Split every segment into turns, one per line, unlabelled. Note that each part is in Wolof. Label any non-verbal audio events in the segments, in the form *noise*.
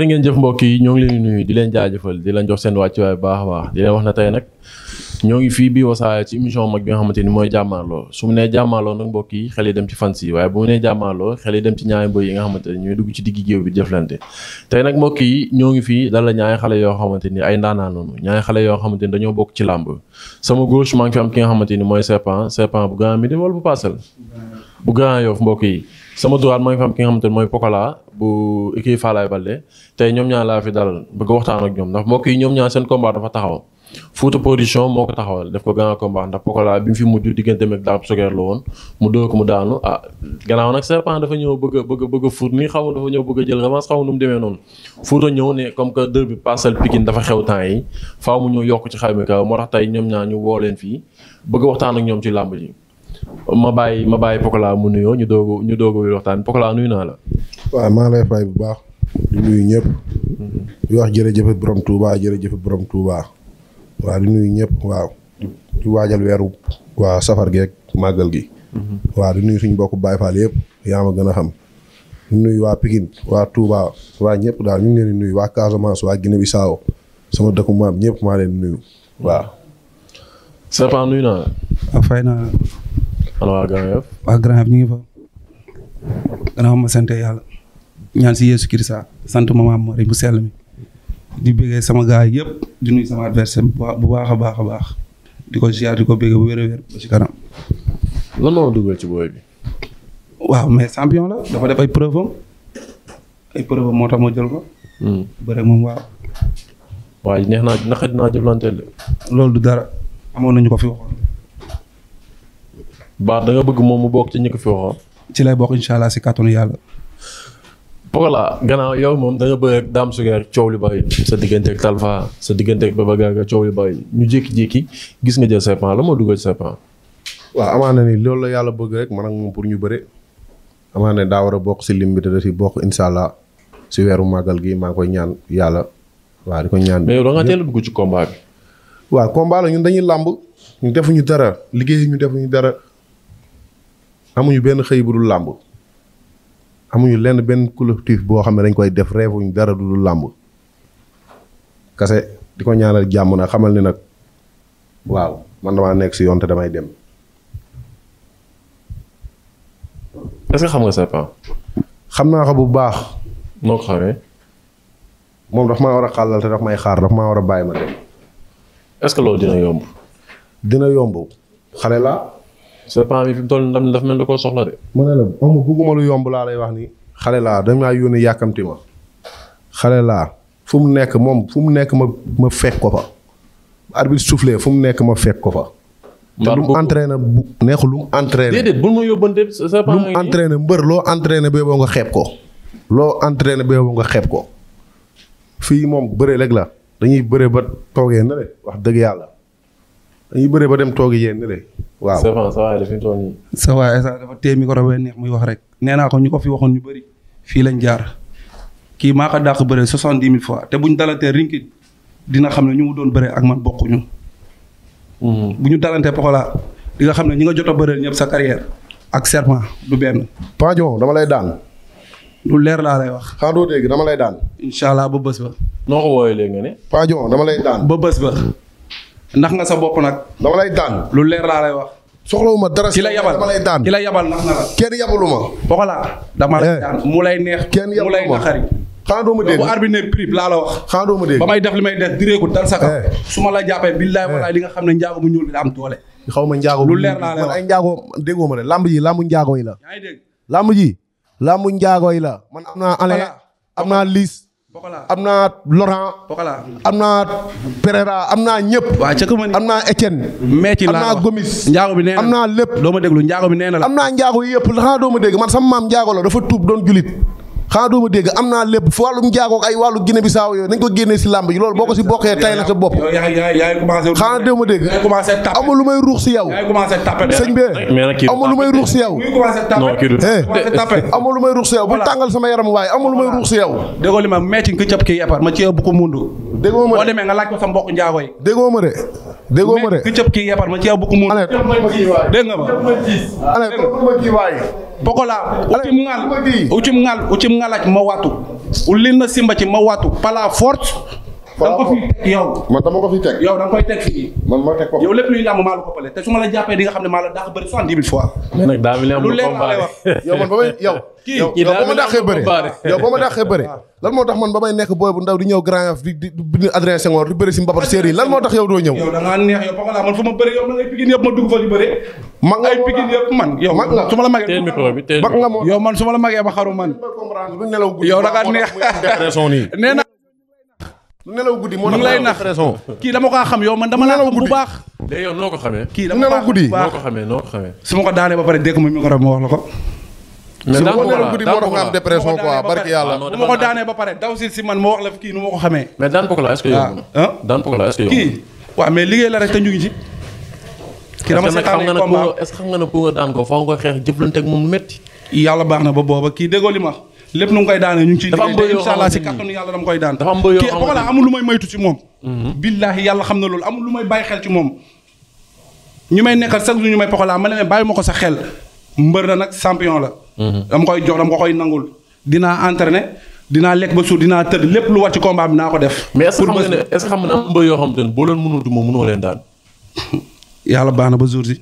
jërë ngeen jëf mbokk yi ñoo ngi leen di nuyu di leen jaajëfal di leen jox seen wàccuwaay bu baax a baax di leen wax na tey nag ñoo ngi fii bii Wassare ci émission mag bi nga xamante ni mooy jàmmaarloo su mu nee jàmmaarloo nag mbokk yi xel yi dem ci fans yi waaye bu mu nee jàmmaarloo xel yi dem ci ñaari mbër yi nga xamante ni ñooy dugg ci digg géew bi jëflante tey nag mbokk yi ñoo ngi fii dala ñaari xale yoo xamante ni ay ndaanaan noonu ñaari xale yoo xamante ni dañoo bokk ci làmb sama gauche maa ngi fi am ki nga xamante ni mooy Serpent Serpent bu Grand Médine wala bu Parcelles bu Grand Yoff mbokk yi sama droite maa ngi fi am ki nga xamante mooy Pokola bu équipe Falaye Balde tey ñoom ñaar laa fi dalal bëgg waxtaan ak ñoom ndax mbokk yi ñoom ñaa seen combat dafa taxaw Fouta production moo ko taxawal def ko grand combat ndax Pokola bi mu fi mujj diggante meeg daab sogeer la woon mu dóor ko mu daanu ah dafa bëgg a bëgg a bëgg a fur nii xaw dafa a jël nu mu demee noonu Fouta ñëw ne comme que derby Parcelles Pikine dafa xew temps yi faaw mu ñëw yokk ci xayma kaw moo tax tey ñoom ñaar ñu woo leen fii bëgg waxtaan ak ñoom ci làmb ji ma bàyyi ma bàyyi Pokola mu nuyoo ñu doog ñu doog a waxtaan
nuyu naa la. waaw maa ngi lay fay bu baax. di nuyu ñëpp. di wax jërëjëf borom Touba jërëjëf borom Touba. waaw di nuyu ñëpp waaw. di waajal weeru. waa safar geeg màggal gi. waa di nuyu suñu mbokku Baye Fall yëpp yaa ma gën a xam. di nuyu waa Pikine waa Touba waa ñëpp daal ñu ngi leen di nuyu waa Casamance waa Guinée Bissau sama dëkku maam ñëpp maa leen nuyu. waaw.
Serpent nuyu naa
la. Ah, fay naa wala waa Grand Yoff. ngi fa. gannaaw ma sant yàlla. ñaan si Yeesu Kirista sant maman Marie bu sell mi. di bëggee sama gars yëpp di nuyu sama adversaire bu baax a baax a baax. di ko jaar di ko bëggee bu wér a wér ba si kanam. lan ci booy bi. waaw mais la dafa def ay preuve am ay moo tax ma jël ko. Hmm. moom waaw. waaye neex naa naka dinaa jëflanteel de. loolu du dara amoon nañu ko fi waxoon.
baax da nga bëgg moom mu bokk ci ñi ko fi waxoon.
ci lay bokk incha allah si kàttanu
yàlla. Pokola gannaaw yow moom da nga bëgg ak Dame Sugar coow li bari sa digganteeg Talfa sa digganteeg Baba Gaga coow li bari ñu jékki-jékki gis nga jël serpent la moo duggal
serpent. waaw amaana ni loolu la yàlla bëgg rek man ak moom pour ñu bëre amaana daa war a bokk si lim bi te da si bokk incha allah si weeru màggal gi maa ngi koy ñaan yàlla waaw di ko ñaan. mais yow da nga dugg ci combat bi. waaw combat la ñun dañuy làmb ñu defuñu dara liggéey ñu defuñu dara. amuñu benn xëy bu dul làmb amuñu lenn benn collectif boo xam ne dañ koy def reefuñ dara du dul làmb kase di ko ñaanal jàmm na xamal ni nag waaw man damaa nekk si yoon te damay dem. est xam nga Serpent. xam naa ko bu baax. noo ko moom daf maa war a xàllal te daf may xaar daf maa war a bàyyi ma dem. est loolu dina yomb. dina yomb
xale la. serpent bi fi mu toll ndam dafa mel da koo soxla de.
ma ne la amul bugguma lu yomb laa lay wax ni xale laa damaa yónni yàkkamti ma xale laa fu mu nekk moom fu mu nekk ma ma fekk ko fa. arbitre soufflé fu mu nekk ma fekk ko fa. te lu mu entraîné bu neexu lu mu entraîné. déedéet bul ma yóbbante serpent lu mu entraîné mbër loo entraîné bee boo nga xeeb ko. loo entraîné bee boo nga xeeb ko. fii moom bëre rek la dañuy bëre ba toogee na le wax dëgg yàlla dañuy bëre ba dem toogee yéen na le waaw Sefane sa waay dafa toll nii. sa waay neex muy wax rek. nee naa ko ñu ko fi waxoon ñu bari fii lañ jaar kii maa ko dàq bëre soixante dix mille fois te buñ dalantee rinki dina xam ne ñu mu doon bëre ak man bokkuñu. Mm-hmm. bu ñu dalantee Pokola di nga xam ne ñi nga jot a bëreel ñëpp sa carrière ak serment du benn. Pajo dama lay daan. lu leer laa lay wax. xaar doo dégg dama lay daan. incha allah ba bës ba. noo ko woowee léegi ne. Pajo dama lay daan. ba bës ba. ndax nga sa bopp nag. dama lay daan. lu leer laa lay wax. soxlawuma dara si la yabal dama lay daan ki la yabal ndax na la. kenn yabaluma. voilà dama lay eh. daan mu lay neex. kenn yabaluma mu lay naxari. ma dee bu arbitre prip laa ma dee may def li may def direeku dal sa kaw. Eh. su ma la jàppee billaay eh. li nga xam ne njaago mu ñuul bi la doole. xaw ma njaago lu leer laa lay wax man ay njaago déggoo ma de lamb ji la. yaa ngi dégg lamb ji. lambu njaago yi la man am naa ale am naa liis am naa Laurent. am naa Pereira am naa ñëpp. waaw cëkk ma am naa Etienne. meeci laa am naa Gomis. njaago bi nee na am naa lépp. doo ma déglu njaago bi nee na la. am naa njaago yi yëpp xanaa doo ma dégg man sama maam njaago la dafa tuub doon julit xanaa doo ma dégg am naa lépp fi wàllum jaagoog ay wàllu Guinée Bissau yooyu nañ ko génnee si làmb yi loolu boo ko si bokkee tay na sa bopp xanaa doo ma dégg amul lu may ruux si yow sëñ bi amul lu may ruux si yow eh, *laughs* amul lu may ruux si yow bu tàngal sama yaram waaye amul lu may ruux si yow déggoo ma de nga laaj ko sa mbokk njaago yi. déggoo ma de. déggoo ma de ki yepar ma ci yow bëgg mu. dégg nga ma. allez pokola ucim ngal ucim ngal ma watu ulin simba ci ma watu pala force da nga ko fi yow. man koy teg fii. yow lépp luy làmb maa la ko pale te su ma la jàppee di nga xam ne maa la dàq bëri soixante-dix mille fois. mais lu leer laa *laughs* man ba may yow. booy bu ndaw di ñëw Grand Yoff di di bëri si mbapat séer yi lan moo tax yow doo ñëw. yow da ngaa neex yow Pokola man fu ma bëri yow ma dugg fa yëpp man su ma la magee. teel micro yow man su ma la magee ma xaru yow da neex *laughs* nee nelaw guddi moo ngi lay nax kii dama kaa xam yow man dama laa xam bu baax.
léegi yow noo ko xamee. kii dama nelaw guddi noo ko
xamee noo ko xamee. su ma ma wax la ko. mais daan ko am dépression ko daanee ba la kii nu ma ko xamee. mais daan ko la est-ce que
na. ko la est-ce que yomb
ah, ah. na liggéey la rek te ñu ci.
kii dama seetaan ne
nga daan ko faaw nga xeex jëflante ak moom metti yàlla baax na ba booba kii déggoo li ma lépp nu mu koy daanee ñu ngi ciy liggéey incha allah si kàttanu yàlla dama koy daan kii am amul lu may maytu ci moom mhm. billaahi yàlla xam na loolu amul lu may bàyyi xel ci moom ñu may nekkal chaque jour ñu may Pokola ma bàyyi ma ko sa xel mbër na nag champion la
mhm. dama koy jox dama ko
koy dinaa entraîné dinaa lekk ba suur dinaa lépp lu war ci combat bi ko def mais est-ce que am
mbër yoo xam te ne boo leen mënul du moom mënoo leen daan *laughs* yàlla baax na ba jour
si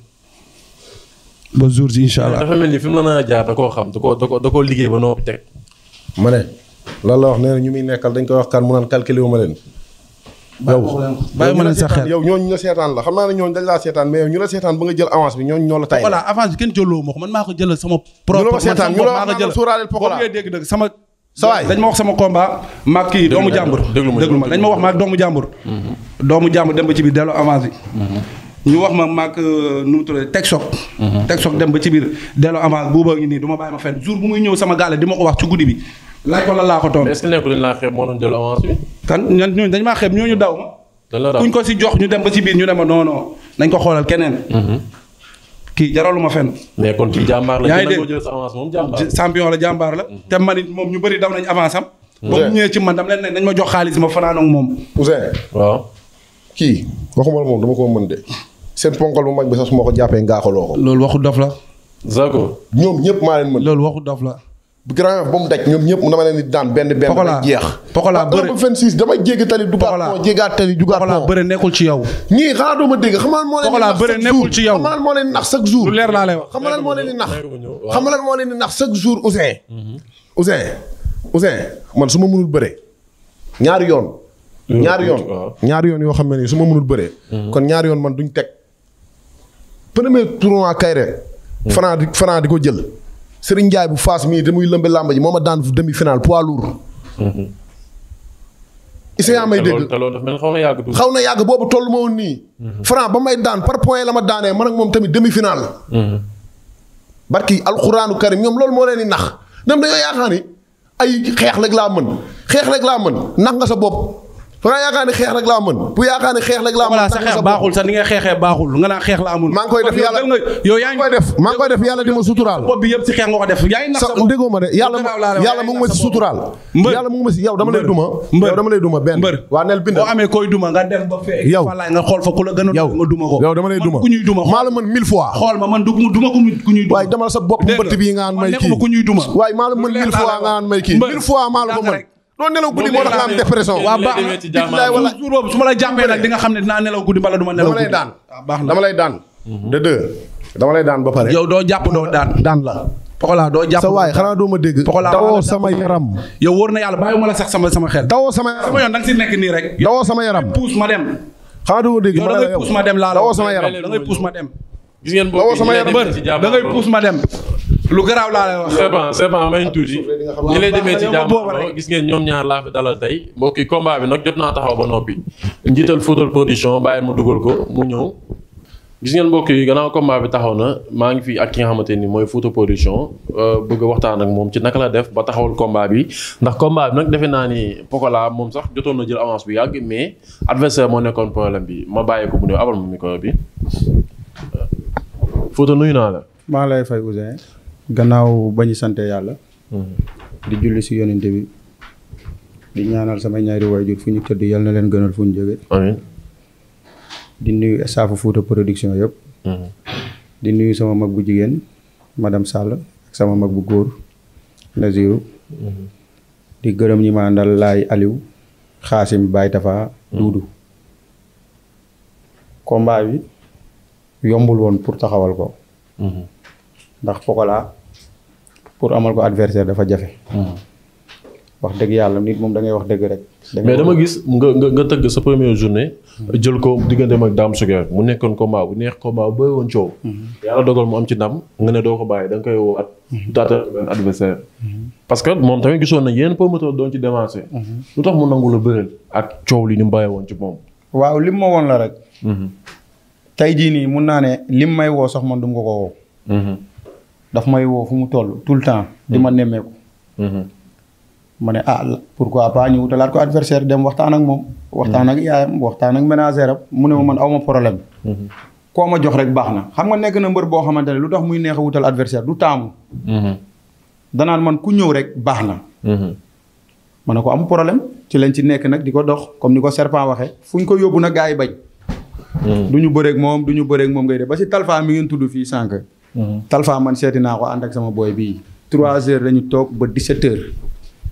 ba jour si incha allah dafa mel
ni fi mu la naa jaar da koo xam da koo da koo liggéey
ba noo teg ma ne lan la wax nee na ñu muy nekkal dañ koy wax kan mu naan calculé wu ma leen. yow bàyyi ma leen sa xel la seetaan la xam naa ne ñooñu dañ laa seetaan mais yow ñu la seetaan ba nga jël avance bi ñooñu ñoo la tay voilà avance bi kenn jëloo ma ko man maa ko jëlal sama propre ñu la seetaan ñu la wax suuraaleel pokola boo dañ ma wax sama combat maag kii doomu jàmbur déglu ma dañ ma wax maag doomu jàmbur mhm. doomu jàmbur dem ba ci biir delloo avance bi mhm. ñu wax ma maag euh, nu mu tuddee mhm. dem ba ci biir delloo avance buuba ngi nii du ma bàyyi ma fenn jour bu muy ñëw sama gaale di ma ko wax ci guddi bi laaj wala laa ko toog. mais est-ce que nekkul dañ laa xeeb moo doon jël avance bi. kan maa xeeb ñooñu daw ma. kuñ ko si jox ñu dem ba si biir ñu dem ma non non nañ ko xoolal keneen. Mm-hmm. kii jaralu ma fenn. mais kon kii jàmbaar la. yaa ngi dégg moom jàmbaar la. jàmbaar la. Mm-hmm. te man moom ñu bëri daw nañ avance am. ba ñëwee ci man dam leen ne dañ ma jox xaalis ma fanaan ak moom. Ousseyn. waaw. kii waxuma la moom dama ko mën de. seen ponkal bu mag bi sax su ma ko jàppee ngaaxaloo ko. loolu waxu dof la. Zarko. ñoom ñëpp maa leen mën. loolu waxu dof la. grand ba mu daj ñoom ñëpp dama leen di daan benn benn. pokola jeex pokola bëre ba 26 dama jéggi tali. dugaat pont jéggaat tali dugaat pont pokola bëre nekkul ci yow. ñii xanaa doo ma dégg xamal moo leen. pokola bëre nekkul moo leen di nax leer laa lay wax xamal moo nax. su ma mënul bëre ñaari yoon. ñaari yoon ñaari yoon yoo xam ne nii su ma mënul bëre. Mhm. kon ñaari yoon man duñ teg premier tournoi Kayre. Mhm. Franc di Franc di ko jël Serigne Ndiaye bu Fass mii te muy lëmbe làmb ji moo ma daan demi final poids lourd. Mm-hmm. Issa may dégg
xaw na yàgg
boobu toll ma woon nii. Mm-hmm. Franc ba may daan par point la ma daanee man ak moom tamit demi final. Mm-hmm. barki alxuraanu karim ñoom loolu moo leen di nax dem dañoo yaakaar ay xeex rek laa mën xeex rek laa mën nax nga sa bopp. fa nga yaakaar ne xeex rek laa mën bu yaakaar xeex rek laa mën sa xeex baaxul sa ni nga xeexee baaxul nga naan xeex laa mën maa ngi koy def yàlla di ma suturaal bopp bi yëpp dama lay duma ku a nga ñuy duma maa la mën mille fois nga naan may may kii mille fois maa la mën doo nelaw guddi moo tax nga am dépression. waa baax na ma la jàppee nag di nga xam ne dinaa nelaw guddi mbala du ma nelaw. dama lay daan ah, baax na dama lay daan. de deux dama lay daan ba pare. yow doo jàpp doo daan daan la. Pokola doo jàpp sa xanaa doo ma dégg. Pokola dawoo sama yaram. yow wóor na yàlla bàyyiwuma la sax sama sama xel. dawoo sama sama yoon da si nekk nii rek. dawoo sama yaram puus ma dem. xanaa dégg ma la yow dawoo sama yaram dawoo sama yaram. da ngay puus ma dem. gis ngeen boobu da ngay puus ma dem. lu garaaw laa lay wax. c'est bon c'est bon demee ci jàmm
gis ngeen ñoom ñaar laa fi dalal tey mbokki combat bi nag jot naa taxaw ba noppi. njiital Foutal production bàyyi ma dugal ko mu ñëw. gis ngeen mbokk yi gannaaw combat bi taxaw na maa ngi fi ak ki nga xamante ni mooy Foutal production euh, bëgg waxtaan ak moom ci naka la def ba taxawul combat bi ndax combat bi nag defe naa ni Pokola moom sax jotoon na jël avance bu yàgg mais adversaire moo nekkoon problème bi ma bàyyi ko bu néew abal ma micro bi euh,
Foutal nuyu naa la. maa lay fay gannaaw ba ñu sante yàlla. Mm-hmm. di julli si yonent bi di ñaanal sama ñaari waajur fu ñu tëdd yal na leen gënal fu ñu jóge di nuyu staff Fouta production yëpp. Mm-hmm. nuyu sama mag bu jigéen madame sàll ak sama mag bu góor Naziru. Mm-hmm. di gërëm ñi ma àndal laay Aliou Xaasim Baye Tafa Duudu. combat bi yombul woon pour taxawal ko. ndax Pokola pour amal ko adversaire dafa jafe. Hmm. wax dëgg yàlla nit moom dangay wax dëgg rek. mais dama
gis nga nga nga tëgg sa première journée. jël ko digganteem ak Dame Suger mu nekkoon combat bu neex combat bu bëri woon coow. Hmm. yàlla dogal mu am ci ndam nga ne doo ko bàyyi da nga koy woo at. daata parce que moom tamit gisoon na yenn promoteur doon ci démarché. Hmm. lu tax mu nangu la bëreel ak coow li ni
mu bàyyi woon ci moom. waaw li ma woon la rek. tey jii nii mun naa ne lim may woo sax man du ma ko ko dafa may woo fu mu toll tout le temps di ma mm-hmm. nemmeeku. Mm-hmm. ma ne ah pourquoi pas ñu wutalaat ko adversaire dem waxtaan ak moom. Mm-hmm. waxtaan ak yaayam waxtaan ak ménagère am mu ne ma man aw ma problème. koo ma jox rek baax na xam nga nekk na mbër boo xamante ne lu tax muy neex a wutal adversaire du taamu. danaan man ku ñëw rek baax na. ma ne ko am problème ci lañ ci nekk nag di ko dox comme ni ko serpent waxee fu ñu ko yóbbu nag gars yi bañ. du ñu bëreeg moom du ñu bëreeg moom ngay def ba si talfa mi ngeen tudd fii sànq. Mhm. talfa man seeti naa ko ànd ak sama booy bii trois heures dañu toog ba dix-sept heures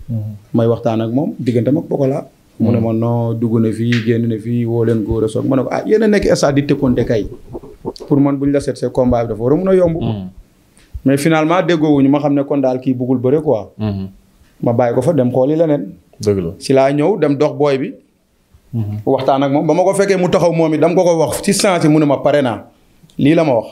mhm. may waxtaan ak moom diggante mag Pokola mu ne ma mhm. non dugg na fii génn na fii woo leen góor a ma ne ko ah yéen a nekk stade di tëkkoonte kay pour ñu la seet see combat bi a mun a yomb mais finalement ma xam ne kon daal kii bëggul bëre quoi ma bàyyi ko fa dem xooli leneen dëgg la si laa ñëw dem dox booy bi waxtaan ak moom ba ma ko fekkee mu taxaw moom it dam ko ko wax ci sens yi mu ne ma pare naa lii la ma wax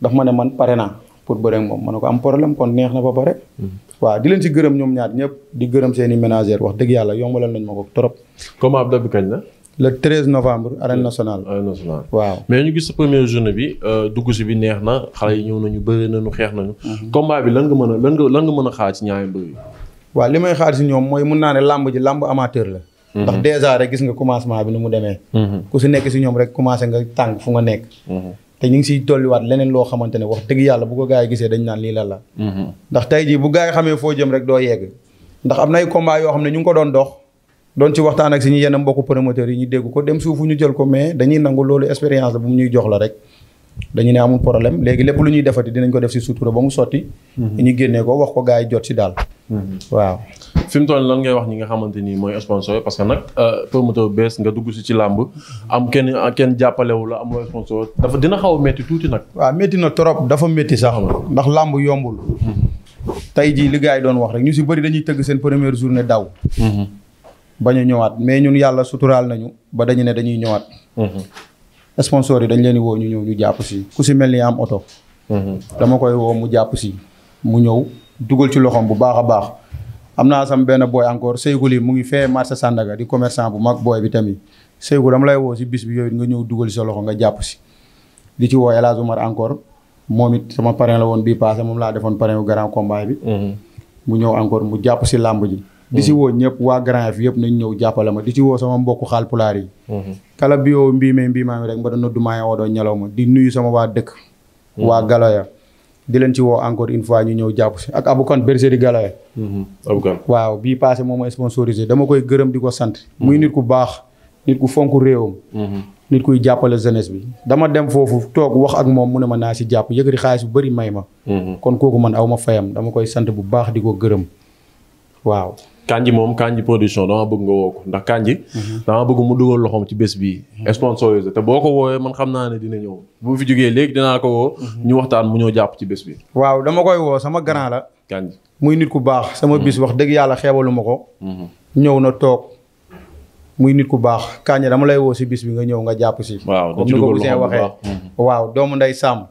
ndax ma ne man pare naa pour bëre moom neex na ba pare. Mhm. waaw di leen si gërëm ñëpp di gërëm seen i ménagère wax dëgg yàlla yombalal nañ ma ko trop. combat bi bi kañ la. le 13 novembre arène nationale. arène nationale waaw.
mais euh, dugg si bi neex na xale yi ñëw nañu bëri nañu xeex nañu. Mhm. combat bi lan nga mën a lan lan nga mën a xaar ci ñaari mbër
li may xaar si ñoom mooy mun naa ne làmb ji làmb amateur la. Mhm. ndax dèjà rek gis nga commencement bi ni mu demee. ku si nekk si ñoom rek commencé nga tàng fu nga nekk. te ñu ngi siy tolliwaat leneen loo xamante ne wax dëgg yàlla bu ko gars yi gisee dañ naan lii lan la mm-hmm. ndax tey jii bu gars yi xamee foo jëm rek doo yegg ndax am na ay combat xam ne ñu ngi ko doon dox doon ci waxtaan ak suñu yenn mbokku promoteurs yi ñu dégg ko dem suufu ñu jël ko mais dañuy nangu loolu expérience la bu mu ñuy jox la rek dañu ne amul problème léegi lépp lu ñuy defati dinañ ko def si sutura ba mu sotti mm-hmm. ñu génnee ko wax ko gars yi jot si daal Mm-hmm. waaw.
fi mu toll lan ngay wax ñi nga xamante ni mooy sponsor parce que nag euh, promoteur bees nga dugg si ci làmb am kenn kenn jàppalewula la amuloo dafa dina xaw a
métti tuuti nag. waaw métti na trop dafa métti sax ndax làmb yombul. Mm-hmm. tey jii li gars yi doon wax rek ñu si bëri dañuy tëgg seen première journée daw. Mm-hmm. bañ a ñëwaat mais ñun yàlla suturaal nañu ba dañu ne dañuy ñëwaat. sponsor yi dañ leen di woo ñu ñëw ñu jàpp si ku si mel ni am oto. dama koy woo mu jàpp si mu ñëw. dugal ci loxoom bu baax a baax am naa sam benn booy encore Seygul yi mu ngi fee marché Sandaga di commerçant bu mag booy bi tamit Seygul dama lay woo si bis bi yooyu nga ñëw dugal si sa loxo nga jàpp si di ci woo El Hadj Omar encore moom it sama parrain la woon bii passé moom laa defoon parrain wu grand combat bi mhm. mu ñëw encore mu jàpp si làmb ji di si mhm. woo ñëpp waa Grand Yoff yëpp nañ ñëw jàppale ma di si woo sama mbokku Haalpulaar yi mhm. kala bi yow mbii mee mbii maa mi rek mba doon noddu maa ngi doo doon ñelaw ma di nuyu sama waa dëkk waa Galoya di leen ci woo encore une fois ñu ñëw jàpp si ak Aboukan bergerie Galaye.
Mm-hmm. Aboukan
waaw bii passé moom mooy sponsorisé dama koy gërëm di ko sant. muy nit ku baax nit ku fonk réewam. Mm-hmm. nit kuy jàppale jeunesse bi. dama dem foofu toog wax ak moom mu ne ma naa si jàpp yëkkati xaalis bu bari may ma. Mm-hmm. kon kooku man aw ma fayam dama koy sant bu baax di ko gërëm
waaw. Kanji moom Kanji production dama bëgg nga woo ko ndax Kanji. Mhm. dama bëgg mu dugal loxoom ci bés bii. Mhm. sponsorisé te boo ko woowee man xam naa ne dina ñëw bu fi jógee léegi danaa ko woo. Mhm. ñu waxtaan mu ñu jàpp ci bés bi.
waaw dama koy woo sama grand la. Kanji muy nit ku baax. sama bis wax dëgg yàlla xeebalu ma ko. ñëw na toog muy nit ku baax Kanji dama lay woo si bis bi nga ñëw nga jàpp si. waaw da ci dugal loxoom waxee. waaw doomu nday Samb.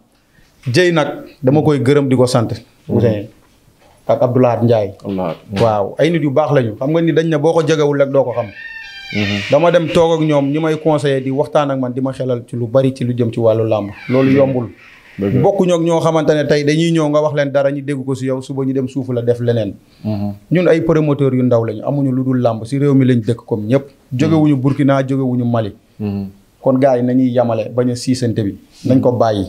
jëy nag dama koy gërëm di ko sant. Ousseyn ak Abdoulahat Ndiaye. waaw ay nit yu baax lañu xam nga ni dañ ne boo ko jegewul rek doo ko xam. Mm-hmm. dama dem toog ak ñoom ñi may conseillé di waxtaan ak man di ma xelal ci lu bari ci lu jëm ci wàllu làmb loolu mm-hmm. yombul. bokkuñu ak ñoo xamante ne tey dañuy ñëw nga wax leen dara ñu dégg ko si yow suba ñu dem suufu la def leneen. Mm-hmm. ñun ay promoteurs yu ndaw lañu amuñu lu dul làmb si réew mi lañ dëkk comme ñëpp. jógewuñu Burkina jógewuñu Mali. kon gars yi nañuy yamale bañ a siisante bi. nañ ko bàyyi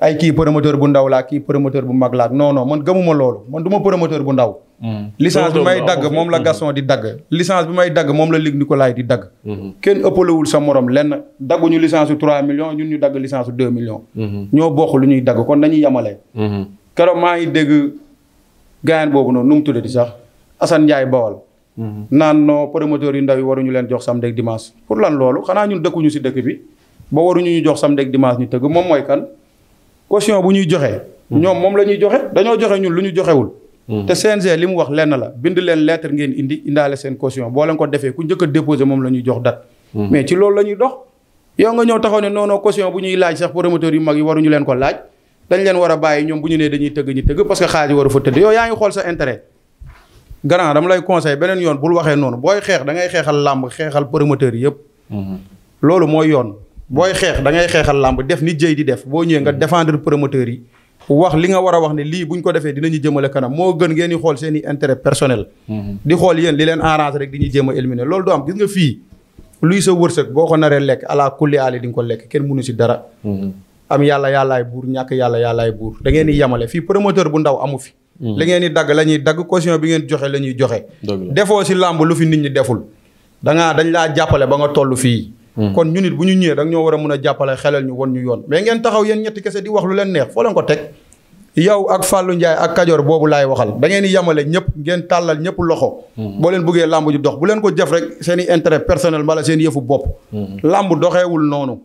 ay kii promoteur bu ndaw laa kii promoteur bu mag laa non non man gëmuma loolu man du ma promoteur bu ndaw. Hmm. licence bi may dagg moom la hmm. Gaston di dagg. licence bi may dagg moom la Luc Nicolaï di dagg. Hmm. kenn ëppalewul sa morom lenn dagguñu licence su 3 ñun ñu dagg licence su millions. ñoo bokk lu ñuy dagg kon nañuy yemale. keroog maa ngi dégg gaayan boobu noonu nu mu tuddati sax Assane Ndiaye Bawal. naan non promoteurs yu ndaw yi waru ñu leen jox sam ak dimanche pour lan loolu xanaa ñun dëkkuñu si dëkk bi ba waruñu ñu jox samedi ak dimanche ñu tëgg moom mooy kan. caution bu ñuy joxe. ñoom moom la ñuy joxe dañoo joxe ñun lu ñu joxewul. Hmm. te CNG li mu wax lenn la bind leen lettre ngeen indi indaale seen caution boo leen ko defee ku njëkk a déposé moom la ñuy jox date. Hmm. mais ci loolu la ñuy dox. yow nga ñëw taxaw ne non non bu ñuy laaj sax promoteur yu mag yi waruñu leen ko laaj dañ leen war a bàyyi ñoom bu ñu nee dañuy tëgg ñu tëgg parce que xaalis waru fa tëdd yow yaa ngi xool sa intérêt. grand dama lay conseil beneen yoon bul waxee noonu booy xeex da ngay xeexal làmb xeexal promoteur yëpp. Hmm. loolu mooy yoon. booy xeex dangay ngay xeexal làmb def ni jëy di def boo ñëwee nga mm. défendre promoteur yi wax li nga war a wax ne lii buñ ko defee dinañu jëmale kanam moo gën ngeen di xool seen i intérêt personnel mm-hmm. di xool yéen li leen arrange rek di ñu jéem a éliminer loolu du am gis nga fii luy sa wërsëg boo ko naree lekk ala kulli aali di nga ko lekk kenn mënu si dara mm-hmm. am yàlla yàllaay buur ñàkk yàlla yàllaay buur da ngeen di yemale fii promoteur bu ndaw amu fi mm-hmm. li ngeen di dagg la ñuy dagg caution bi ngeen joxe la ñuy joxe defoo si làmb lu fi nit ñi deful dangaa dañ laa jàppale ba nga toll fii Mm. kon ñu nit bu ñu ñëwee da ñoo war a mun a jàppale xelal ñu won ñu yoon mais ngeen taxaw yéen ñetti kese di wax lu leen neex foo leen ko teg yow ak fàllu Ndiaye ak Kajoor boobu laay waxal dangeen di yamale ñëpp ngeen tàllal ñëpp loxo mm. boo leen bëggee làmb ji dox bu leen ko jëf rek seen i intérêt personnel wala seen yëfu bopp mm-hmm. làmb doxeewul noonu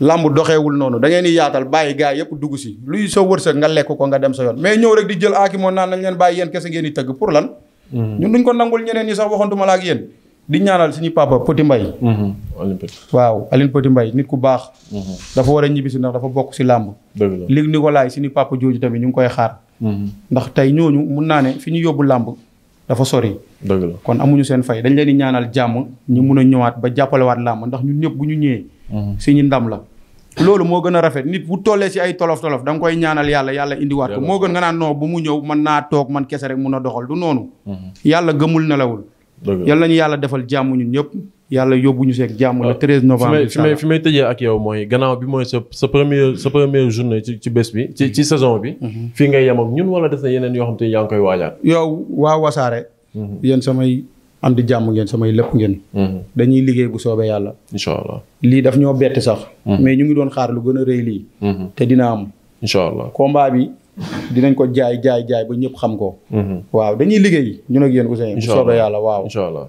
làmb doxeewul noonu da ngeen di yaatal bàyyi gars yëpp dugg si luy soo wërsëg nga lekk ko nga dem sa yoon mais ñëw rek di jël aaki moo naan nañ leen bàyyi yéen kese ngeen di tëgg pour lan mm-hmm. ñun duñ ko nangul ñeneen ñi sax waxantuma la ak yéen di ñaanal suñu papa Petit Mbaye. Mhm. waaw Aline Petit Mbaye nit ku baax. Mhm. dafa war a ñibbisi ndax dafa bokk si làmb. dëgg la léegi Nicolas suñu papa jooju tamit ñu ngi koy xaar. Mhm. ndax tey ñooñu mun naa ne fi ñu yóbbu làmb dafa sori. dëgg kon amuñu seen fay dañ leen di ñaanal jàmm ñu mun a ñëwaat ba jàppalewaat làmb ndax ñu ñëpp bu ñu ñëwee. ñu ndam la. loolu moo gën a rafet nit bu tollee si ay tolof tolof da nga koy ñaanal yàlla yàlla indiwaat ko moo gën nga naan non bu mu ñëw man naa toog man kese rek mun a du noonu. yàlla gëmul nelawul yal nañu yàlla defal jàmm ñun ñëpp yàlla yóbbu ñu seeg jàmm le 13 ah, novembre. fi may fi may
tëjee ak yow mooy gannaaw bi mooy sa sa première sa première journée ci ci bés bi ci ci mhm. saison bi. Mhm.
fii ngay yem ñun wala des na yeneen yoo xam te yaa ngi koy waajaat. yow waa wasaare. Mhm. yéen samay am di jàmm ngeen samay lépp ngeen. dañuy liggéey bu soobee yàlla. incha allah lii daf ñoo bett sax. mais ñu ngi doon xaar lu gën a rëy lii. te dina am. incha allah combat bi. dinañ ko jaay jaay jaay ba ñëpp xam ko. Mhm. waaw dañuy liggéey ñu ak yéen Ouzin. incha allah soobee yàlla waaw allah.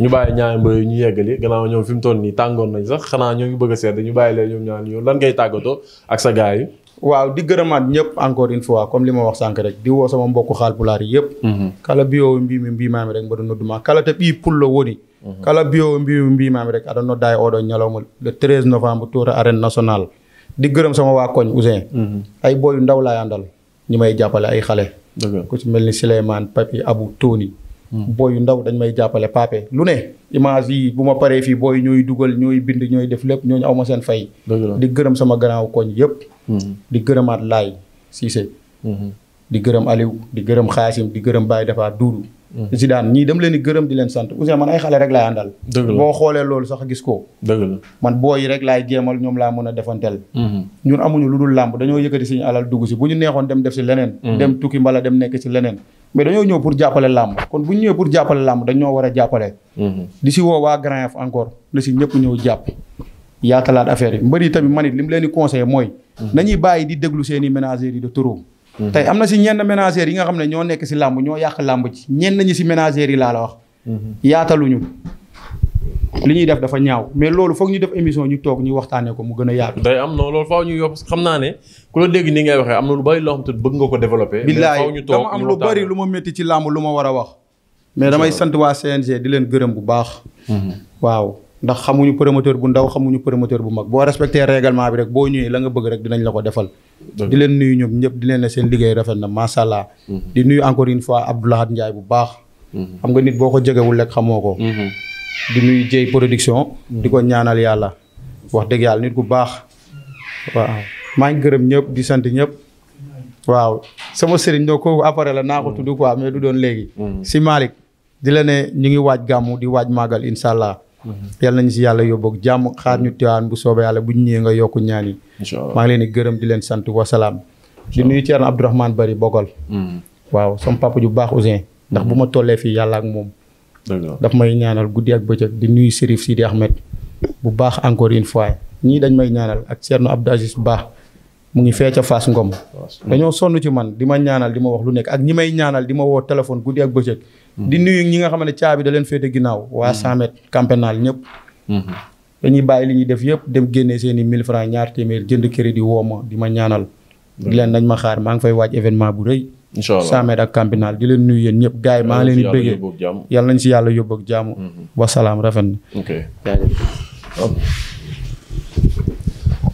ñu bàyyi ñaari mbéy ñu yeggali gannaaw ñoom fi mu toll nii tàngoon nañ sax xanaa ñoo
ngi bëgg sedd ñu bàyyi leen ñoom ñaar ñoom lan ngay tàggatoo ak sa gars yi. waaw di maat ñëpp encore une fois comme li ma wax sànq rek di woo sama mbokk Haalpulaar yi yëpp. Mhm. kala biyo mbi mi mbi maami rek mbaɗo nodduma kala to ɓii pullo woni mhm. kala biyo mbi mi mbi maami rek aɗa nodda e national di gërëm sama waa koñ Ousseyn. Mm-hmm. ay booy ndaw laay àndal ñi may jàppale ay xale. ku ci mel ni Souleymane Papi Abu Tony. Mm. booy yu ndaw dañ may jàppale Pape lu ne image yi bu ma paree fii booy ñooy dugal ñooy bind ñooy def lépp ñooñu aw ma seen fay. di gërëm sama gannaaw koñ yëpp. Mm-hmm. di gërëmaat Laay Cissé. Mm-hmm. di gërëm Aliou di gërëm Xaasim di gërëm Baye Dafa Duudu. si mm-hmm. Zidane ñii dem leen di gërëm di leen sant Ousseyn man ay xale rek laay àndal. boo xoolee loolu sax gis ko. dëgg la man boo yi rek laay jéemal ñoom laa mën a defanteel. Mm-hmm. ñun amuñu lu dul làmb dañoo yëkkati suñu alal dugg si bu ñu neexoon dem def si leneen. Mm-hmm. dem tukki mbala dem nekk si leneen. mais dañoo ñëw pour jàppale làmb kon bu ñu ñëwee pour jàppale làmb dañoo war a jàppale. di si woo waa Grand Yoff encore na si ñëpp ñëw jàpp. yaatalaat affaire yi mbëri tamit man li mu leen di conseillé mooy. nañuy bàyyi di déglu seen i ménagères yi de trop tey am na si ñenn ménagères yi nga xam ne ñoo nekk si làmb ñoo yàq làmb ci ñenn ñi si ménagères yi laa la wax. Mhm. yaataluñu li ñuy def dafa ñaaw mais loolu foog ñu def émission ñu toog ñu waxtaanee ko mu gën a yaatu.
day am non loolu faaw ñu yóbbu xam naa ne ku la dégg ni ngay waxee am na lu bari loo xam
te bëgg nga ko développé. billaay dama am lu bari lu ma métti ci làmb lu ma war a mais damay sant waa CNG di leen gërëm bu baax. Mhm. waaw ndax xamuñu promoteur bu ndaw xamuñu promoteur bu mag boo respecté règlement bi rek boo ñëwee la nga bëgg rek dinañ la ko defal di leen nuyu ñoom ñëpp di leen ne seen liggéey rafet na macha allah. Mm-hmm. di nuyu encore une fois Abdoulahat Ndiaye bu baax. Mm-hmm. xam nga nit boo ko jegewul rek xamoo ko. Mm-hmm. di nuyu Dieye production. di ko ñaanal yàlla. wax dëgg yàlla nit bu baax. waaw maa ngi gërëm ñëpp di sant ñëpp. waaw sama sëriñ ñoo kooku appareil la naa ko tudd quoi mais du doon léegi. si Malick di leen ne ñu ngi waaj gàmmu di waaj màggal incha allah. yal nañu si yàlla yóbbu ak jàmm xaar ñu tiwaan bu soobee yàlla bu ñu ñëwee nga yokk ñaan yi. maa ngi leen di gërëm di leen sant wasalaam. di nuyu Thierno Abdourahmane Bari Bogol. Mm-hmm. waaw sama papa ju baax Ouzin. ndax bu ma tollee fii yàlla ak moom. daf may ñaanal guddi ak bëccëg di nuyu Serif Sidi Ahmed bu baax encore une fois ñii dañ may ñaanal ak Thierno Abdou Aziz baax mu ngi fee ca Fass Ngom dañoo sonn ci man di ma ñaanal di ma wax lu nekk ak ñi may ñaanal di ma woo téléphone guddi ak bëccëg mm-hmm. di nuyu ñi nga xam ne caabi da leen féete ginnaaw mm-hmm. waa cent mètres campénal ñëpp mm-hmm. dañuy bàyyi li ñuy def yëpp dem génnee seen i mille francs ñaar téeméer jënd crédit woo ma di ma ñaanal di leen nañ ma xaar maa ngi fay waaj événement bu rëy incha allah cent ak campénal di leen nuyu yéen ñëpp gars yi maa ngi leen di bëggee yàlla nañ si yàlla yóbbu ak jaamu wasalaam rafet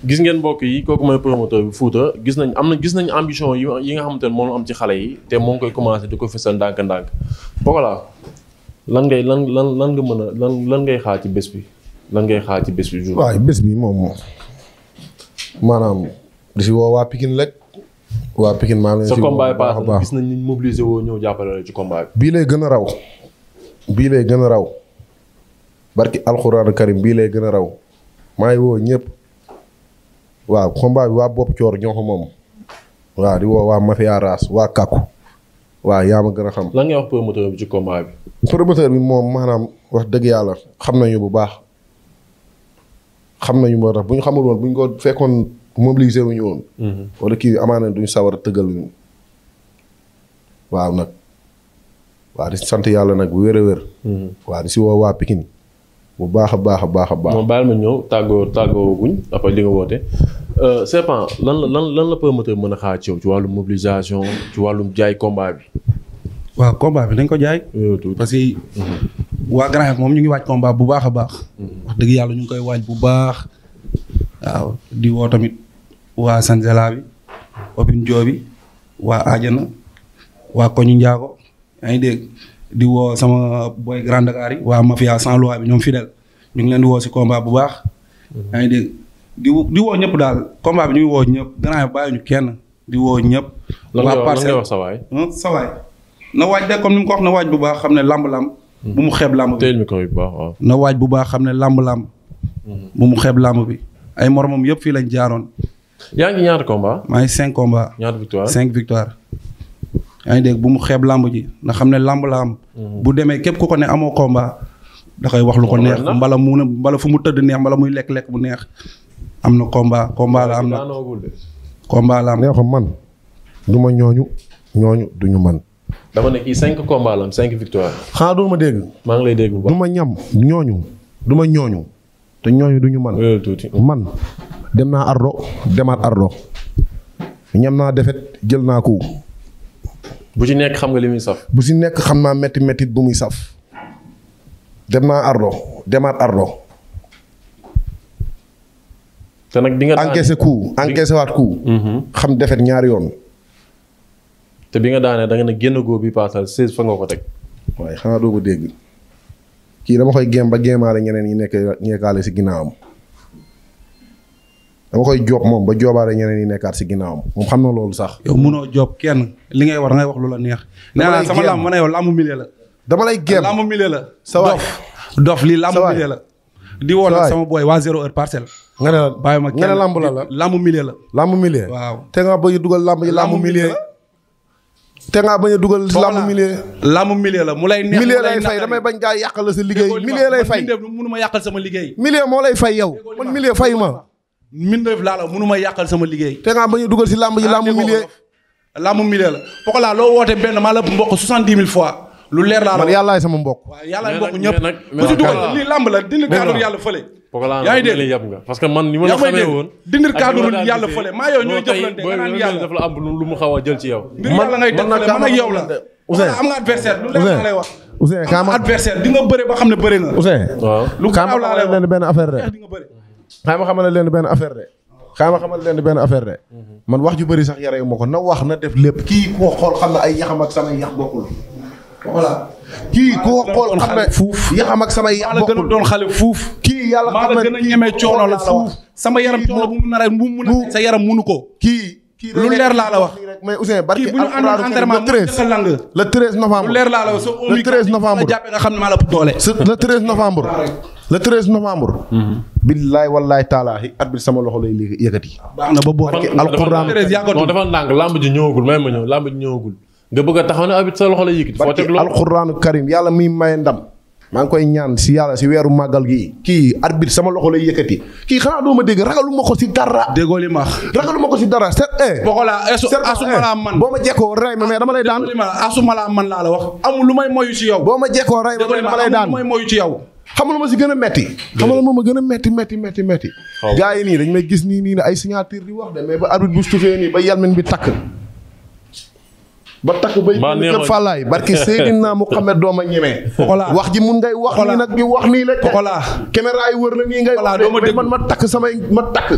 gis ngeen mbokk yi kooku mooy promoteur bi Fouta gis nañ am na gis nañ ambition yi nga xamante ne moom am ci xale yi te moo ngi koy commencé di ko fësal ndànk-ndànk Pokola lan ngay lan lan lan nga mën a lan lan ngay xaar ci bés bi lan ngay xaar ci bés bi jour
bi moom maanaam di si woo waa Pikine rek waa Pikine maa ngi sa combat baax a baax gis
nañ ni mobilisé woo ñëw jàppale ci combat
bii lay gën a raw bii lay gën a raw barki alxuraan karim bii lay gën a raw maa ngi woo ñëpp waaw combat bi waa bopp coor ñoo ko moom. waaw di woo waa mafia raas waa kàkku waaw yaa ma gën a xam. lan ngay wax promoteur bi ci combat bi. bi moom maanaam wax dëgg yàlla xam nañu bu baax xam nañu moo tax bu ñu xamul woon bu ñu ko fekkoon mobilisé wu ñu woon. Mhm. wala kii bi amaana duñu sawar a tëggal ñu. waaw nag waaw di sant yàlla nag bu wér a wér. Mhm. waaw di si woo waa Pikine bu baax a baax a baax a baax.
moom baal ma ñëw tàggoo tàggoo guñ après li nga woote euh, Serpent lan lan lan la promoteur mën a xaar ci yow ci mobilisation ci wàllum jaay combat bi.
waaw combat bi dañ ko jaay. Euh, parce que mhm. waa Grand Yoff moom ñu ngi waaj combat bu baax a baax. Mhm. wax dëgg yàlla ñu ngi koy waaj bu baax. waaw di woo tamit waa Sanzala bi Obin Joobi waa Ajana waa Koñu Njaago yaa ngi dégg. di woo sama boy Grand Dakar yi waa mafia sans loi bi ñoom fidèle ñu ngi leen di woo si combat bu baax. Mhm. yaa ngi di di woo ñëpp daal combat bi ñuy ngi woo ñëpp grand yi ñu kenn di woo ñëpp. waa parcelle wax sa waay. sa na waaj de comme ni mu ko wax na waaj bu baax xam ne làmb lamb mhm. bu mu xeeb lamb bi teel micro bi bu baax xam ne lamb-lamb. Mhm. mu xeeb lamb bi. ay moromam yëpp fii lañ jaaroon.
yaa ngi ñaata combat.
maa ngi cinq combat.
ñaata victoire cinq
victoire. yaa ngi dégg bu mu xeeb làmb ji na xam ne làmb la am. Mhm. bu demee képp ku ko ne amoo komba da wax lu ko neex mbala mu mbala fu mu tëdd neex mbala muy lekk-lekk bu neex. am na komba combat la am na combat la am na. man du ma ñooñu ñooñu du ñu man
dama ne kii cinq combat la am
ma dégg. maa ngi lay dégg bu ma ñam ñooñu du ma te ñooñu du ñu man man dem naa ardo demaat ardo ñam naa defet jël naa ko. bu
ci nekk xam nga li muy saf.
bu ci nekk xam naa metti métti bu muy saf. dem Ardo demaat Ardo. te nag di nga daan encaissé coup encaissé waat coup. Mhm. xam defet ñaari yoon.
te bi nga daanee da nga ne génn góob bi paasal seize fa nga ko teg.
waaye xanaa doo ko dégg kii dama koy géem ba géemaale ñeneen ñi nekk ñeekaale si ginnaawam. dama koy joob moom ba joobaale ñeneen yi nekkaat si ginnaaw moom xam na loolu sax. yow mënoo joob kenn li ngay war ngay wax lu la neex. nee naa sama ma ne yow lamb milieu la. dama lay géem lamb la. sa waay dof dof lii la. di woon ak sama booy waa zéro heure parcelle. nga ne la bàyyi ma kenn nga ne lamb la la lamb la. lamb milieu waaw. te a dugal lamb yi lamb milieu. te nga bañ a dugal lamb milieu. lamb la mu lay neex milieu lay fay bañ gaa yàqal la sa liggéey. milieu lay fay déggoo li ma sama liggéey. milieu moo lay fay yow man milieu fay ma mbindeef laa la mënuma yàqal sama liggéey. te nga bañ a dugal si làmb ji ah, làmb millier. làmb millier la Pokola loo woote benn maa la mbokk soixante dix mille fois. lu leer laa la man yàllaay sama la dindi que man ni ma la xamee am nga adversaire lu leer nga bëre ba xam ne bëre nga. Ousseyn lu gaaw laa lay xaaral ma xamal leen benn affaire de. xaaral ma leen benn affaire de. man wax ju bëri sax yaree ma ko na wax na def lépp. kii koo xool xam na ay yaxam ak samay yax bokkul. voilà kii koo xool xam ne fuuf yaxam ak samay yax bokkul a doon xale fuuf. kii yàlla xam ne maa la gën a ñemee coono la fuuf. sama yaram coono bu mu naree bu mu mun sa yaram kii. lu leer laa la wax mais Ousseyn barki kii bu ñu àndoon entraînement le 13 novembre. lu leer laa la wax le 13 novembre. le 13 novembre. le treize novembre. billaay wallaay taalaahi at bi sama loxo lay yëkkati. baax na ba boo xam ne alxuraan dafa
ndànk làmb ji ñëwagul may ma ñëw làmb taxaw ne abit sa loxo lay yëkkati. foo teg
ndam. maa ngi koy ñaan si yàlla si weeru màggal gii kii arbitre sama loxo lay yëkkati kii xanaa doo ma dégg ragalu ma ko si dara. déggoo li ma ragalu ko si dara set eh. boo ko laa eh, eh. asuma laa man boo ma jekkoo rey ma mais dama lay daan. asuma laa man laa la wax. amu lu may moyu ci yow. boo ma jekkoo rey ma mais dama lay daan amul ci yow. xam lu ma si gën a metti xam lu ma ma gën a metti metti metti metti gars yi nii dañ may gis nii nii ne ay signature di wax de mais ba arbitre bu stufee nii ba yalmin bi takk ba takk bay kër Fallaye barki Seydina Muhammad dooma ñemee wax ji mun ngay wax nii nag di wax nii rek xoolaa caméra yi wër la nii ngay wax man ma takk samay ma takk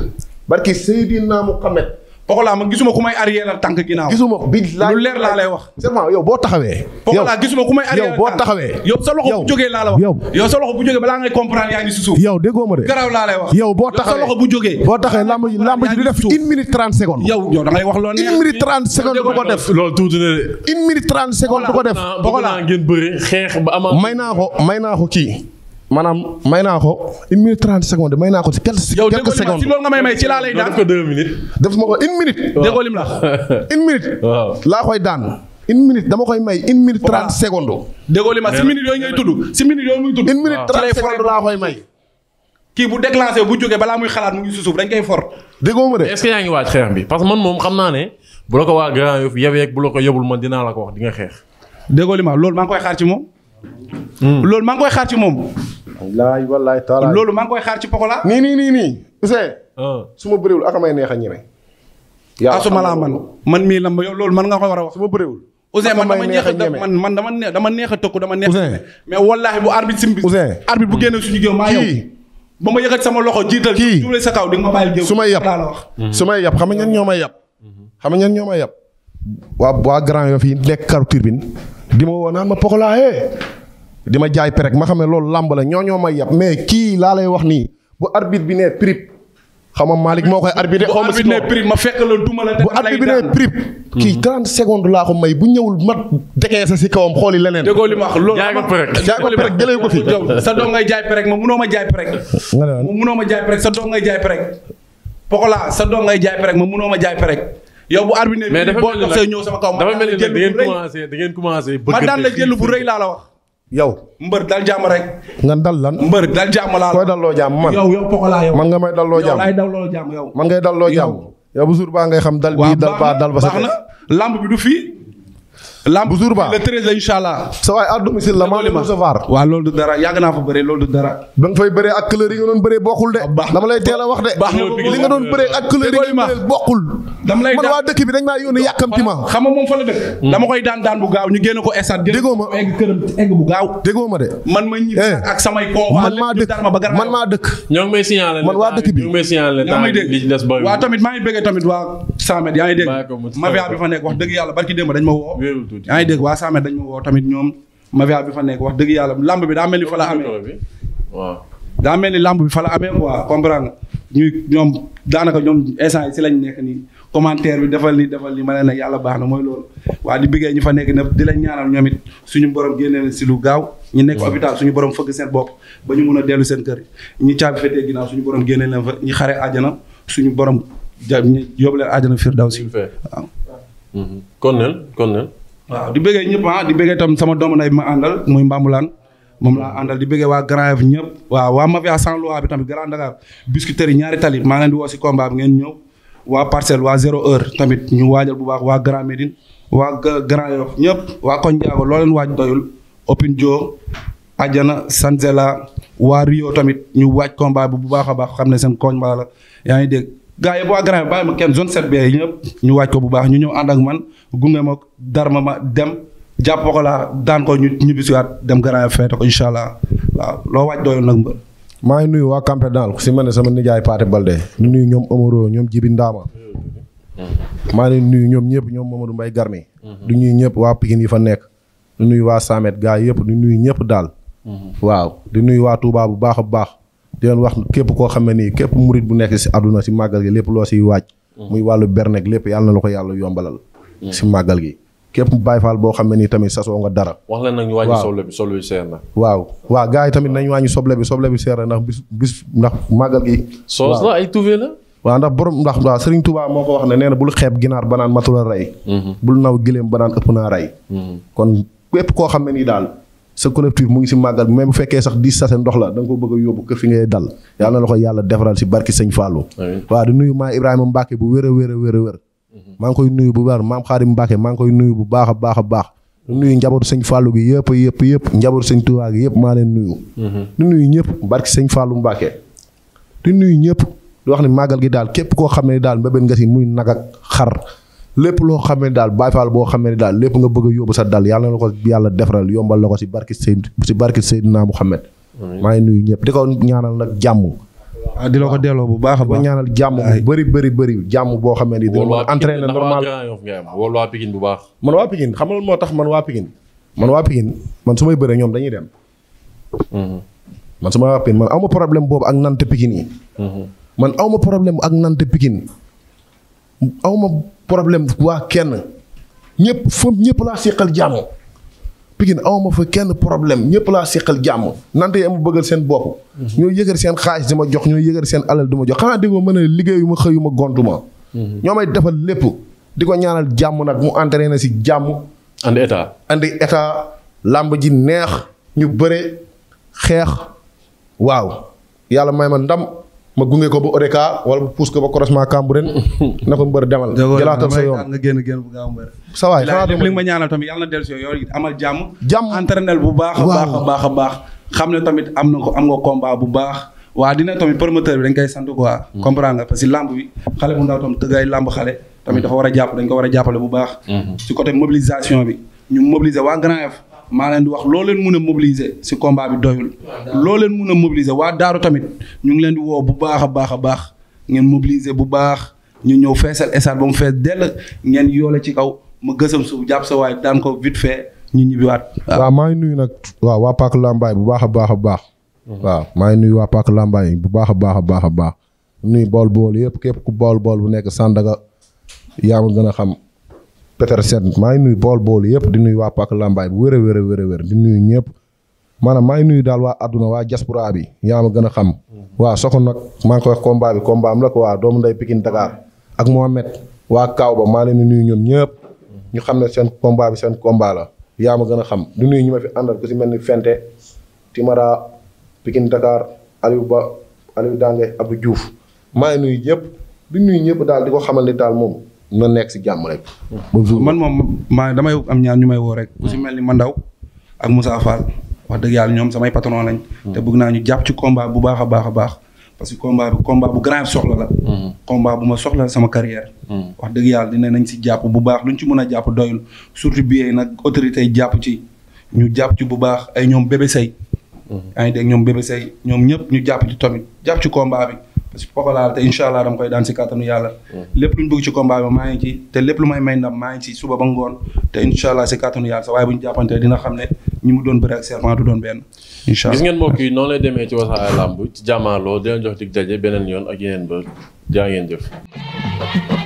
barki mu Muhammad Pokola ma gisuma ku may arrière tànk ginnaaw. gisuma billaay lu leer laa lay wax. seulement yow boo taxawee. Pokola gisuma ku may arrière tànk yow boo taxawee. yow sa loxo bu laa yow sa loxo bu jógee balaa ngay comprendre yaa ngi si suuf. yow déggoo ma de. garaaw laa lay wax. yow boo taxawee sa loxo bu jógee. boo taxawee lamb ji lamb ji du def une une minute trente secondes une minute trente secondes du ko def. may naa ko may naa ko kii maanaam may naa ko une minute trente secondes may naa ko si loolu nga may may ci laa lay daan. def ko deux minutes. def ma ko une minute. déggoo lim la. *laughs* une minute. laa koy daan. une minute dama koy may une minute trente secondes. déggoo lim la si minute yooyu ngay tudd si minute yooyu muy tudd. une minute trente secondes laa koy may. kii bu déclenché bu jógee balaa muy xalaat mu ngi si suuf dañ koy for.
déggoo ma de. est yaa ngi waaj xeex bi parce que man moom xam naa ne bu ko waa Grand Yoff yebeeg bu la ko yóbbul ko wax di nga xeex.
déggoo lim loolu maa ngi koy xaar hmm. loolu maa ngi koy wallaay wallaay taala loolu maa ngi koy xaar ci Pokola. nii nii nii nii. Ousseyn. Ah. su ma bëriwul ak may a ñeme. Ah, laa man man mii lamb yow loolu man nga ko war a wax. su ma bëriwul. Ousseyn man dama neex a man man dama neex dama neex a tokk dama neex. mais wallaahi bu arbitre simbi. Ousseyn ma yëkkat sama loxo sa di ma bàyyi su may yab mhm. su may yab xam nga ñan ñoo may yab. xam nga ñan ñoo may yab. waa waa grand yoo fi nekk Karu Turbine di ma woo naan ma Pokola hee eh. di ma jaay perek ma xam ne loolu làmb la ñoo ñoo may yab mais kii laa lay wax nii bu arbitre bi nee prip xam nga Malick moo koy arbitre xaw bu arbitre nee prip ma fekk la duma la bu arbitre nee prip. kii 30 hmm. secondes laa ko may bu sa si kawam xooli leneen. ma wax loolu jaay ko perek jaay ko sa doom ngay jaay perek ma munoo ma jaay perek. ma munoo ma jaay perek yow bu arbitre nee. mais dafa mel ni ñëw sama kaw ma dafa mel ni da ma daan la bu rëy laa la wax yow mbër dal jàmm rek. nga dal lan mbër dal jàmm laa. koy dalloo jàmm man yow nga may dalloo jàmm yow laay dalloo man ngay dalloo jàmm yow bu suur baa ngay xam dal bii dal baa dal ba sa. lamb bi du fii lamb bu jour ba le treize incha allah. sa waay à domicile la loolu dara yàgg naa fa bëree loolu du dara. ba nga fay bëree ak couleur yi nga doon bëree bokkul de. dama lay teel a wax de. baax li nga doon bëree ak couleur yi nga bëree bokkul. dama lay man waa dëkk bi dañ maa yónni yàkkamti ma. xam nga moom fa hmm. koy daan daan bu gaaw ko estade. déggoo ma egg këram ma de. man ma ñibbi eh. ak samay man maa dëkk man maa dëkk. ñoo ngi may signaler man waa dëkk bi. ñoo ngi may waa tamit maa ngi bëggee tamit waa bi fa nekk wax dëgg yàlla barki démb dañ ma woo tuuti. yaa ngi waa Samet dañ ma woo tamit ñoom mafia bi fa nekk wax dëgg yàlla lamb bi daa mel ni fa la amee. waaw. daa mel ni lamb bi fa la amee quoi comprendre ñuy ñoom daanaka ñoom instant yi si lañ nekk nii commentaire bi defal ni defal ni ma ne nag yàlla baax na mooy loolu waa di biggee ñu fa nekk na di lañ ñaanal ñoomit suñu borom génnee si lu gaaw ñu nekk hôpital suñu borom fëgg seen bopp ba ñu mun a dellu seen kër ñi caabi fetee ginnaaw suñu borom génnee leen fa ñi xare àjjana suñu borom ja yóbbu leen àjjana firdawsi waaw kon mhm. waaw di bëggee ñëpp a ah, di bëggee tam sama doomu nday ma àndal muy Mbambulaan moom laa àndal di bëggee waa Grand Yoff ñëpp waaw waa Mafia sans loi bi tamit Grand Dakar Biscuiterie ñaari tali maa leen di woo si combat bi ngeen ñëw waa Parcelles waa zéro heure tamit ñu waajal bu baax waa Grand Médine waa Grand ñëpp waa Koñ Jaago loo waaj doyul Opine Dio Ajana Sanzela waa Rio tamit ñu waaj combat bi bu baax a baax xam ne seen koñ baa la yaa ngi dégg gaa yëpp waa grand bàyyi ma kenn zone 7B yi ñëpp ñu waaj ko bu baax ñu ñëw ànd ak man gunge ma darma ma dem jàpp ko laa daan ko ñu ñibbisiwaat dem grand feete ko incha waaw loo waaj doyul nag mbër. maa ngi nuyu waa Campe daal ku si ne sama nijaay Paate Balde ñu nuyu ñoom Amaro ñoom Jibi Ndaama maa ngi nuyu ñoom ñëpp ñoom Mamadou Mbaye Garmi. du nuyu ñëpp waa Pikine yi fa nekk. du nuyu waa Samet gaa yëpp di nuyu ñëpp daal. Mhm. waaw di nuyu waa Touba bu baax a baax. di leen wax képp koo xam ne nii képp murit bu nekk si àdduna si màggal gi lépp loo siy waaj. Mm-hmm. muy wàllu bernek lépp yàlla na la ko yàlla yombalal. Mm-hmm. si màggal gi. képp Baay Faal boo xam ne nii tamit sa sasoo nga dara.
wax leen nag ñu na.
waaw waaw gars yi tamit nañu wàññi soble bi soble bi seer na ndax bis ndax màggal gi. soos la ay tuve la. waa ndax borom ndax waaw Serigne Touba moo ko wax ne nee na bul xeeb ginaar ba naan matul a rey. Mm-hmm. bul naw gileem ba naan ëpp naa rey. kon képp koo xam ne sa collectif mu ngi si màggal même bu fekkee sax di sase ndox la da ko bëgg a yóbbu kër fi ngay dal yàlla na la ko yàlla defaral si barki sëñ Fallou waaw di nuyu maa Ibrahima Mbacke bu wér a wér a wér a wér mhm. maa ngi koy nuyu bu baax maam Xaadim Mbacke maa ngi koy nuyu bu baax a baax a baax di nuyu njabootu sëñ Fallou gi yëpp yëpp yëpp njabootu sëñ Touba gi yëpp maa leen nuyu mhm. di nuyu ñëpp barki sëñ Fallou Mbacke di nuyu ñëpp di wax ne màggal gi daal képp koo xam ne daal mbébét nga si muy nag ak lépp loo xam ne daal Baay Faal boo xam ne daal lépp nga bëgg a yóbbu sa dal yàlla na la ko yàlla defaral yombal la ko si barki Seyd si barki Seydina Muhammad maa ngi nuyu ñëpp di ko ñaanal nag jàmm. ah di la ko delloo bu baax a baax ñaanal jàmm bari bëri bari jàmm boo xamee ni dina mën a entraîner normal wala waa Pikine bu baax man waa Pikine xamal moo tax man waa Pikine man waa Pikine man su may bëree ñoom dañuy dem mm-hmm. man su may waa Pikine man awma problème boobu ak nante Pikine yi mm-hmm. man awma problème ak nante Pikine awma problème waa kenn ñëpp fa ñëpp laa seqal jàmm Pikine awma fa kenn problème ñëpp laa seqal jàmm nante yi ama bëggal seen bopp mhm. ñoo yëgër seen xaalis di ma jox ñoo yëgër seen alal di ma jox xanaa déggoo mën a liggéeyu ma xëyu ma gontu ma mhm. ñoo may defal lépp di ko ñaanal jàmm nag mu entraîné si jàmm andi état andi état làmb ji neex ñu bëre xeex waaw yàlla may ma ndam ma gunge ko ba Odeka wala ma puus ko ba croisement Cambérène *laughs* na ko mbër demal. jëlaatal nga génn génn bu gaaw mbër. sa waay xanaa li ma ñaanal bu baax. a baax a baax a xam ne tamit am na ko am nga combat bu baax. waa dina tamit promoteur bi dañ koy sant quoi. Mm. comprendre nga parce que bi xale bu ndaw tëggaay lamb xale. tamit dafa war a jàpp dañ war a jàppale bu baax. ci mm-hmm. côté mobilisation bi ñu mobiliser waa Grand F maa leen di wax loo leen mun a mobiliser si combat bi doyul. loo leen mën a mobiliser waa daaru tamit ñu ngi leen di woo bu baax a baax a baax ngeen mobiliser bu baax ñu ñëw feesal esaat ba mu fees dell ngeen yoole ci kaw ma gësëm suuf jàpp sa waay daan ko vite fait ñu ñibbiwaat. waaw maa ngi nuyu nag waaw waa Pàcc Lambaay bu baax a baax a baax. waaw maa ngi nuyu waa Pàcc Lambaay bu baax a baax a baax a baax nuyu bool bool yëpp képp ku bool bool bu nekk Sandaga yaa a xam. Peter Sène maa ngi nuyu bool boolu yëpp di nuyu waa Pàcc Lambaay bu wér a wér di nuyu ñëpp maanaam maa ngi nuyu daal waa àdduna waa diaspora bi yaa ma gën a xam. waa Sokone nag maa ngi koy wax combat bi combat am la ko waa doomu nday ak Mohamed waa Kaaw ba maa nuyu ñoom ñëpp ñu xam ne seen combat bi seen combat la yaa ma gën a xam di nuyu ñu ma fi àndal ku si mel ni Fente Timara Pikine Dakar Aliou Ba Aliou Dange Abdou Diouf maa ngi nuyu ñëpp di nuyu ñëpp daal di ko xamal ni daal moom na nekk si jàmm man moom maa damay am ñaan ñu may woo rek. ku si mel ni ma ndaw ak Moussa Fall wax dëgg yàlla ñoom samay patron lañ. Hmm. te bëgg naa ñu jàpp ci combat bu baax a baax a baax. parce que combat bi combat bu grand soxla la. Hmm. combat bu ma soxla sama carrière. Hmm. wax dëgg yàlla dina nañ si jàpp bu baax lu ñu ci mën a jàpp doyul surtout bii nag autorité yi jàpp ci ñu jàpp ci bu baax ay ñoom bébé say. yaa ngi dégg ñoom bébé say ñoom ñëpp ñu jàpp ci tamit jàpp ci combat bi. parce que poxolaar te incha allah dama koy daan si kàttanu yàlla. lépp lu ñu bëgg ci combat bi maa ngi ci te lépp lu may may ndam maa ngi ci suba ba ngoon te incha allah si kàttanu yàlla sa waaye bu ñu jàppante dina xam ne ñi mu doon bëri ak serpent du doon benn.
incha allah gis ngeen mbokk yi noonu lay demee ci Wassare Lamb ci jàmmaarloo dina jox dig daje beneen yoon ak yeneen ba jaa ngeen jëf.